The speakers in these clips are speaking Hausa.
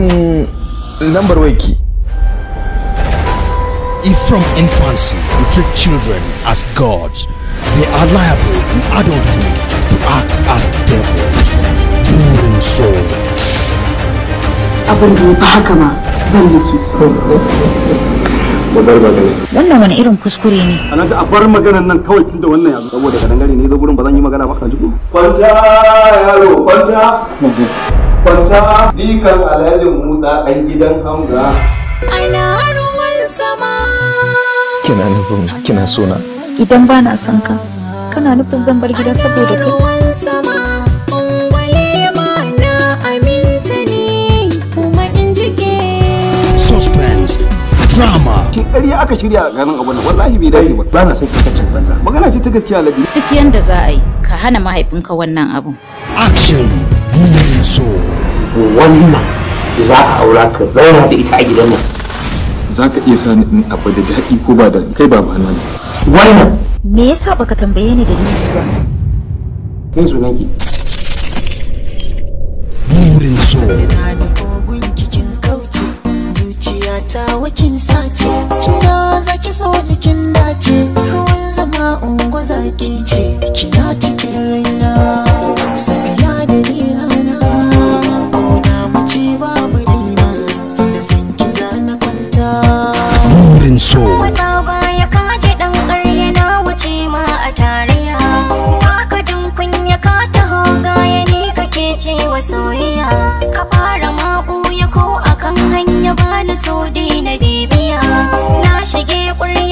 din lambar waki If from infancy you treat children as gods, they are liable in adulthood to act as devils. Burin soul. Abin da ba haka ma ban yake. Wannan wani irin kuskure ne. A nan a bar maganar nan kawai tun da wannan yanzu saboda kadan gari ne zo gurin ba zan yi magana ba kan jiko. Kwanta yaro kwanta. kwanta dikan alhajin musa ɗan gidan hamza ana ruwan sama kina nufin kina sona idan ba na son ka kana nufin zan bar gida saboda kai drama. Ki ƙarya aka shirya a ganin abu wallahi bai dace ba. Ba na son kikacin banza. Magana ce ta gaskiya labi. Duk yanda za a yi ka hana mahaifinka wannan abu. Action. Burin so. wannan za ka aura ka zauna da ita a gidan nan za ka iya sani in abu da daɗi ko ba da kai ba ba nan wannan me yasa baka tambaye ni da ni ba kai sunan ki burin so ta wakin sace kina zaki so nikin dace ruwan zama ungwa zaki ce kina ci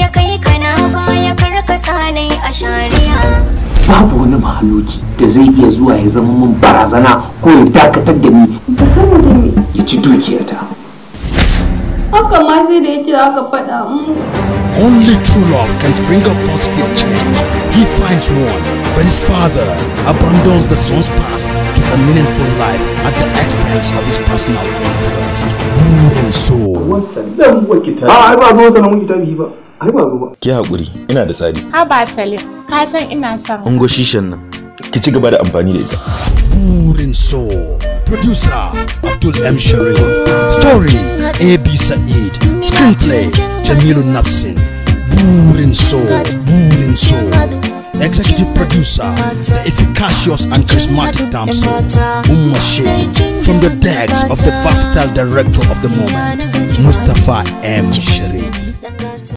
baya kai kana baya karkasa ne a shari'a babu wani mahaloki da zai iya zuwa ya zama min barazana ko ya dakatar da ni ya ci dukiyata haka ma sai da yake aka faɗa mu Only true love can bring a positive change. He finds one, but his father abandons the son's path to a meaningful life at the expense of his personal interest. Human soul. Wasan dan wakita. A'a ba zo sanan wakita bi ba. ai ba zo ki hakuri ina da tsari ha ba salim ka san ina son ungo shishan nan ki ci gaba da amfani da ita burin so producer abdul m sharif story ab sa'id screenplay jamilu nafsin burin so burin so executive producer, the efficacious and charismatic Damsel, Umma Sheikh, from the decks of the versatile director of the moment, Mustafa M. Sharif.